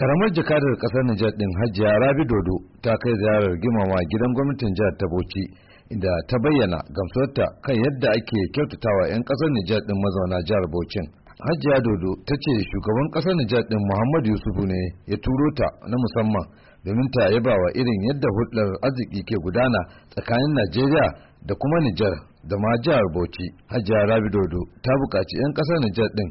karamar jakadar kasar Nijar din Hajiya Rabi Dodo ta kai ziyarar girmama gidan gwamnatin jihar ta Bauchi inda ta bayyana gamsuwarta kan yadda ake kyautatawa 'yan kasar Nijar din mazauna jihar Bauchi. Hajiya Dodo ta ce shugaban kasar Nijar din Muhammadu Yusufu ne ya turo ta na musamman domin ta yaba wa irin yadda hulɗar arziki ke gudana tsakanin Najeriya da kuma Nijar da ma jihar Bauchi. Hajiya Rabi Dodo ta buƙaci 'yan kasar Nijar din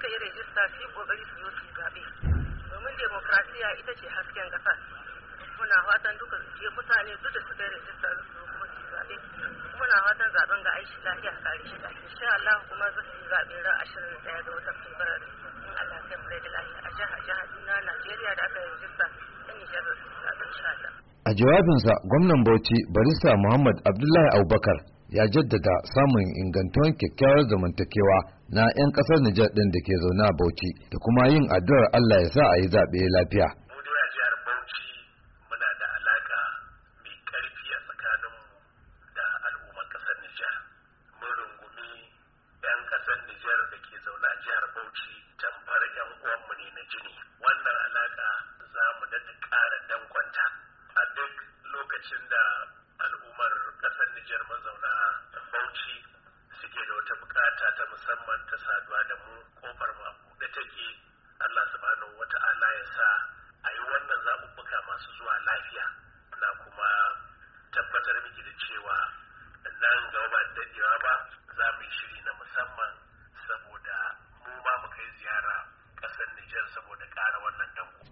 suka yi rajista su yi ƙoƙari su yi su zaɓe domin demokrasiya ita ce hasken ƙasa muna fatan duka je mutane duk da suka yi rajista su yi su zaɓe muna fatan zaɓen ga aishi lafiya kare shi lafiya insha Allah kuma za su yi zaɓe ran ashirin da ɗaya ga watan Fabrairu in Allah ya kai da lafiya a jihar jihar Duna Najeriya da aka yi rajista ta Nijar da su zaɓe insha Allah. A jawabinsa gwamnan Bauchi barista Muhammad Abdullahi Abubakar ya jaddada samun ingantuwan kyakkyawar zamantakewa na 'yan ƙasar Nijar ɗin da ke zaune a Bauchi da kuma yin addu'ar Allah ya sa a yi zaɓe lafiya. jihar da ke zaune a jihar Bauchi tamfar 'yan uwanmu ne na jini. Wannan alaƙa majiyar mazauna bauchi suke da wata bukata ta musamman ta saduwa da mu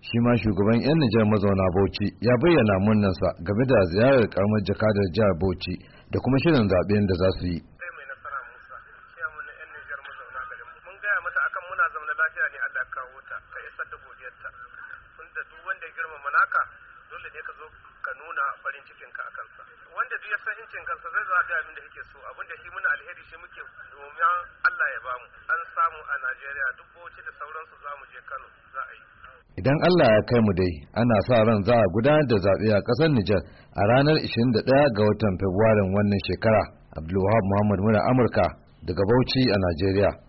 shi ma shugaban 'yan Nijar mazauna Bauchi ya bayyana munnansa game da ziyarar karamar jakadar jihar Bauchi da kuma shirin zaben da za su yi. dole ka zo ka nuna farin cikin wanda ya san kansa zai abin da yake so abin da muna alheri shi muke domin Allah ya bamu an samu a Najeriya duk boci da sauransu za mu je Kano za a yi idan Allah ya kai mu dai ana sa ran za a gudanar da zaɓe a ƙasar Nijar a ranar 21 ga watan Fabrairun wannan shekara. Abdulwahab Muhammad Mura Amurka daga Bauchi a Najeriya.